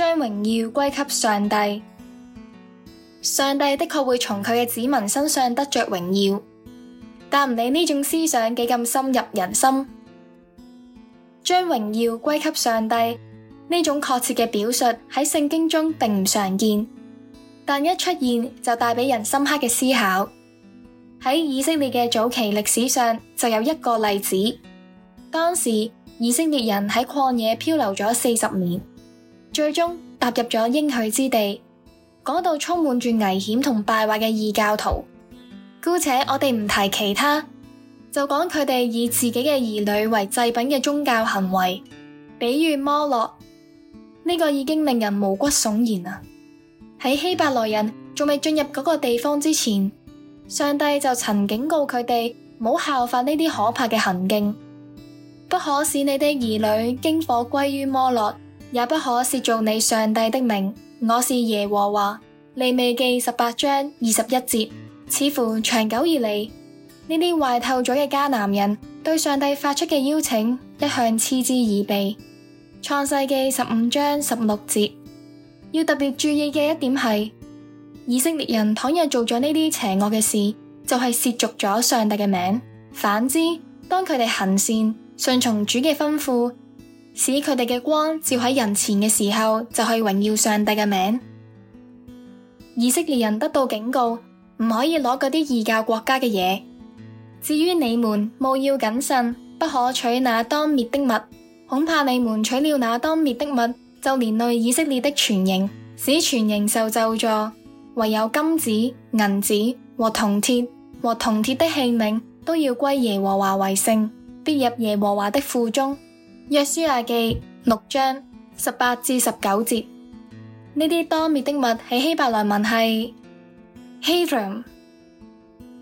將榮耀歸給上帝，上帝的確會從佢嘅子民身上得着榮耀，但唔理呢種思想幾咁深入人心，將榮耀歸給上帝呢種確切嘅表述喺聖經中並唔常見，但一出現就帶俾人深刻嘅思考。喺以色列嘅早期歷史上就有一個例子，當時以色列人喺曠野漂流咗四十年。最終踏入咗應許之地，嗰度充滿住危險同敗壞嘅異教徒。姑且我哋唔提其他，就講佢哋以自己嘅兒女為祭品嘅宗教行為，比如摩洛呢個已經令人毛骨悚然啦。喺希伯來人仲未進入嗰個地方之前，上帝就曾警告佢哋唔好效法呢啲可怕嘅行徑，不可使你哋兒女經火歸於摩洛。也不可褻瀆你上帝的名，我是耶和華。利未記十八章二十一節，似乎長久以嚟，呢啲壞透咗嘅迦南人對上帝發出嘅邀請，一向嗤之以鼻。創世記十五章十六節，要特別注意嘅一點係，以色列人倘若做咗呢啲邪惡嘅事，就係褻瀆咗上帝嘅名；反之，當佢哋行善、順從主嘅吩咐。使佢哋嘅光照喺人前嘅時候，就去榮耀上帝嘅名。以色列人得到警告，唔可以攞嗰啲異教國家嘅嘢。至於你們，務要謹慎，不可取那當滅的物。恐怕你們取了那當滅的物，就連累以色列的全營，使全營受咒詛，唯有金子、銀子和銅鐵和銅鐵的器皿，都要歸耶和華為聖，必入耶和華的腹中。約書亞記六章十八至十九節，呢啲多滅的物喺希伯來文係希朮，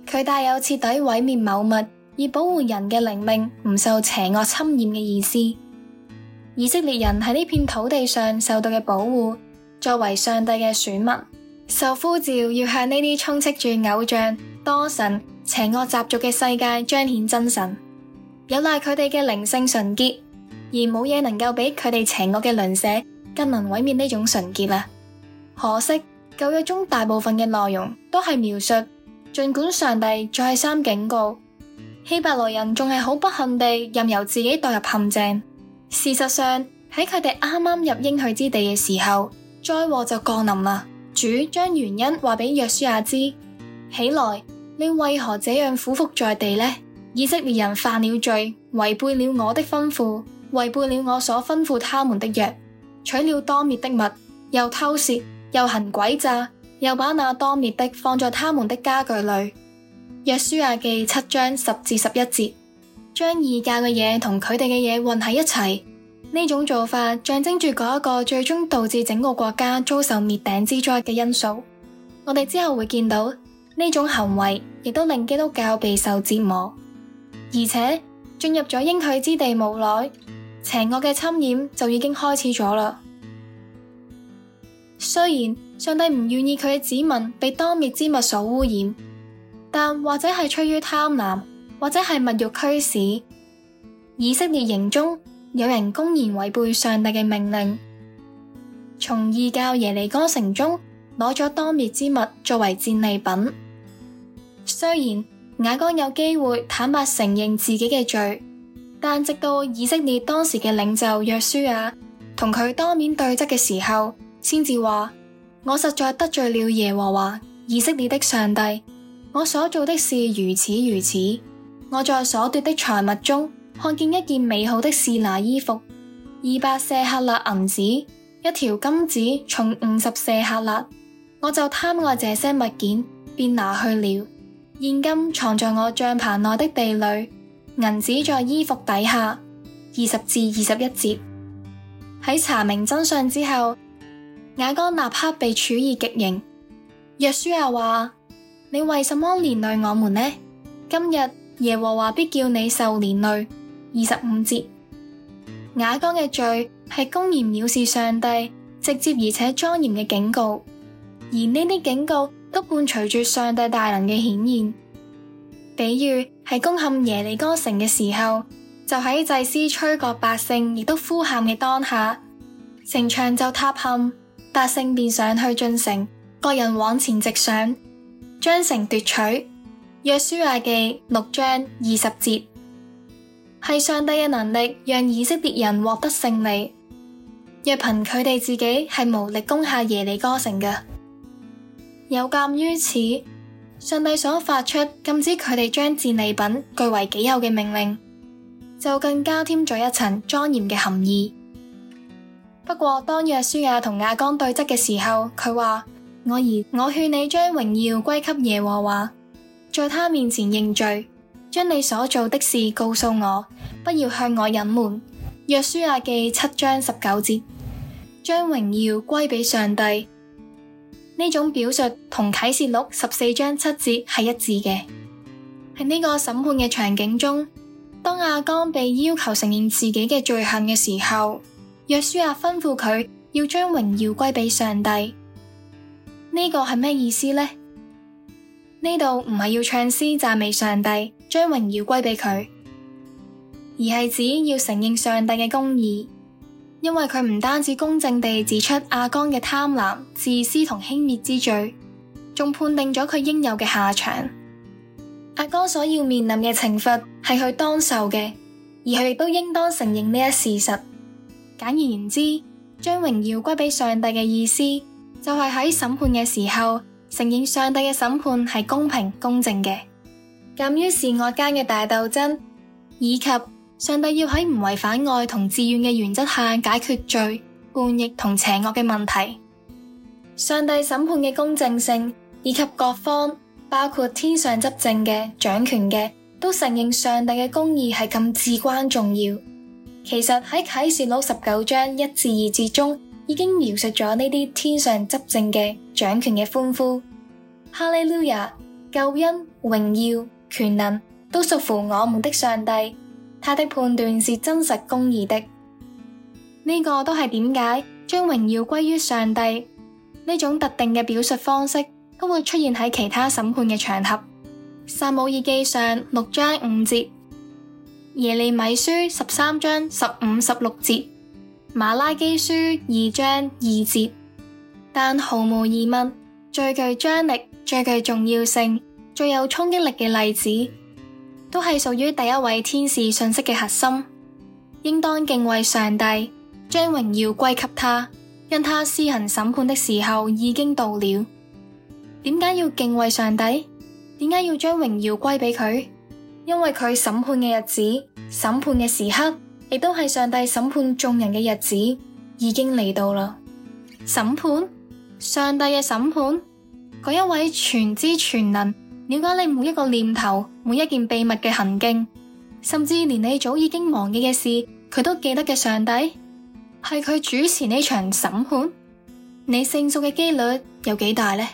佢帶有徹底毀滅某物以保護人嘅靈命唔受邪惡侵染嘅意思。以色列人喺呢片土地上受到嘅保護，作為上帝嘅選民，受呼召要向呢啲充斥住偶像、多神、邪惡習俗嘅世界彰顯真神，有賴佢哋嘅靈性純潔。而冇嘢能夠比佢哋邪惡嘅鄰舍更能毀滅呢種純潔啦。可惜舊約中大部分嘅內容都係描述，儘管上帝再三警告希伯來人，仲係好不幸地任由自己墮入陷阱。事實上喺佢哋啱啱入應許之地嘅時候，災禍就降臨啦。主將原因話俾約書亞知，起來，你為何這樣俯伏在地呢？以色列人犯了罪，違背了我的吩咐。違背了我所吩咐他們的約，取了當滅的物，又偷竊，又行詭詐，又把那當滅的放在他們的家具裏。約書亞記七章十至十一節，將異教嘅嘢同佢哋嘅嘢混喺一齊，呢種做法象徵住嗰一個最終導致整個國家遭受滅頂之災嘅因素。我哋之後會見到呢種行為亦都令基督教備受折磨，而且進入咗應許之地冇耐，邪惡嘅侵染就已經開始咗啦。雖然上帝唔願意佢嘅子民被當滅之物所污染，但或者係出於貪婪，或者係物欲驅使，以色列營中有人公然違背上帝嘅命令，從異教耶利哥城中攞咗當滅之物作為戰利品。雖然亞干有機會坦白承認自己嘅罪。但直到以色列當時嘅領袖約書亞同佢當面對質嘅時候，先至話：我實在得罪了耶和華以色列的上帝。我所做的事如此如此。我在所奪的財物中看見一件美好的示拿衣服，二百舍客勒銀子，一條金子重五十舍客勒，我就貪愛這些物件，便拿去了，現今藏在我帳棚內的地裏。銀子在衣服底下，二十至二十一節。喺查明真相之後，亞干立刻被處以極刑。約書亞話：你為什麼連累我們呢？今日耶和華必叫你受連累。二十五節，亞干嘅罪係公然藐視上帝，直接而且莊嚴嘅警告，而呢啲警告都伴隨住上帝大能嘅顯現。比喻係攻陷耶利哥城嘅時候，就喺祭司吹角百姓，亦都呼喊嘅當下，城牆就塌陷，百姓便上去進城，各人往前直上，將城奪取。約書亞記六章二十節，係上帝嘅能力讓以色列人獲得勝利，若憑佢哋自己係無力攻下耶利哥城嘅，有鑒於此。上帝所發出禁止佢哋將戰利品據為己有嘅命令，就更加添咗一層莊嚴嘅含義。不過，當約書亞同亞剛對質嘅時候，佢話，我而我勸你將榮耀歸給耶和華，在他面前認罪，將你所做的事告訴我，不要向我隱瞞。約書亞記七章十九節，將榮耀歸畀上帝。呢種表述，同啟示錄十四章七節係一致嘅。喺呢個審判嘅場景中，當阿剛被要求承認自己嘅罪行嘅時候，約書亞吩咐佢要將榮耀歸俾上帝。呢個係咩意思呢？呢度唔係要唱詩讚美上帝，將榮耀歸俾佢，而係指要承認上帝嘅公義。因為佢唔單止公正地指出阿剛嘅貪婪、自私同輕蔑之罪，仲判定咗佢應有嘅下場。阿剛所要面臨嘅懲罰係佢當受嘅，而佢亦都應當承認呢一事實。簡而言之，將榮耀歸俾上帝嘅意思，就係、是、喺審判嘅時候承認上帝嘅審判係公平公正嘅。咁於是善惡間嘅大鬥爭，以及。上帝要喺唔違反愛同自願嘅原則下解決罪、叛逆同邪惡嘅問題。上帝審判嘅公正性以及各方包括天上執政嘅掌權嘅，都承認上帝嘅公義係咁至關重要。其實喺啟示錄十九章一至二節中已經描述咗呢啲天上執政嘅掌權嘅歡呼：哈利路亞，救恩、榮耀、權能都屬乎我們的上帝。他的判斷是真實公義的，呢、這個都係點解將榮耀歸於上帝，呢種特定嘅表述方式都會出現喺其他審判嘅場合。撒母耳記上六章五節，耶利米書十三章十五十六節，瑪拉基書二章二節，但毫無疑問，最具張力、最具重要性、最有衝擊力嘅例子。都係屬於第一位天使信息嘅核心，應當敬畏上帝，將榮耀歸給他，因他施行審判的時候已經到了。點解要敬畏上帝？點解要將榮耀歸俾佢？因為佢審判嘅日子、審判嘅時刻，亦都係上帝審判眾人嘅日子，已經嚟到啦。審判，上帝嘅審判，嗰一位全知全能。了解你每一個念頭、每一件秘密嘅行徑，甚至連你早已經忘記嘅事，佢都記得嘅上帝，係佢主持呢場審判，你勝訴嘅幾率有幾大呢？